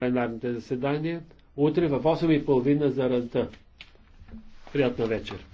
пленарните заседания. Утре в 8.30 за рънта. Приятна вечер!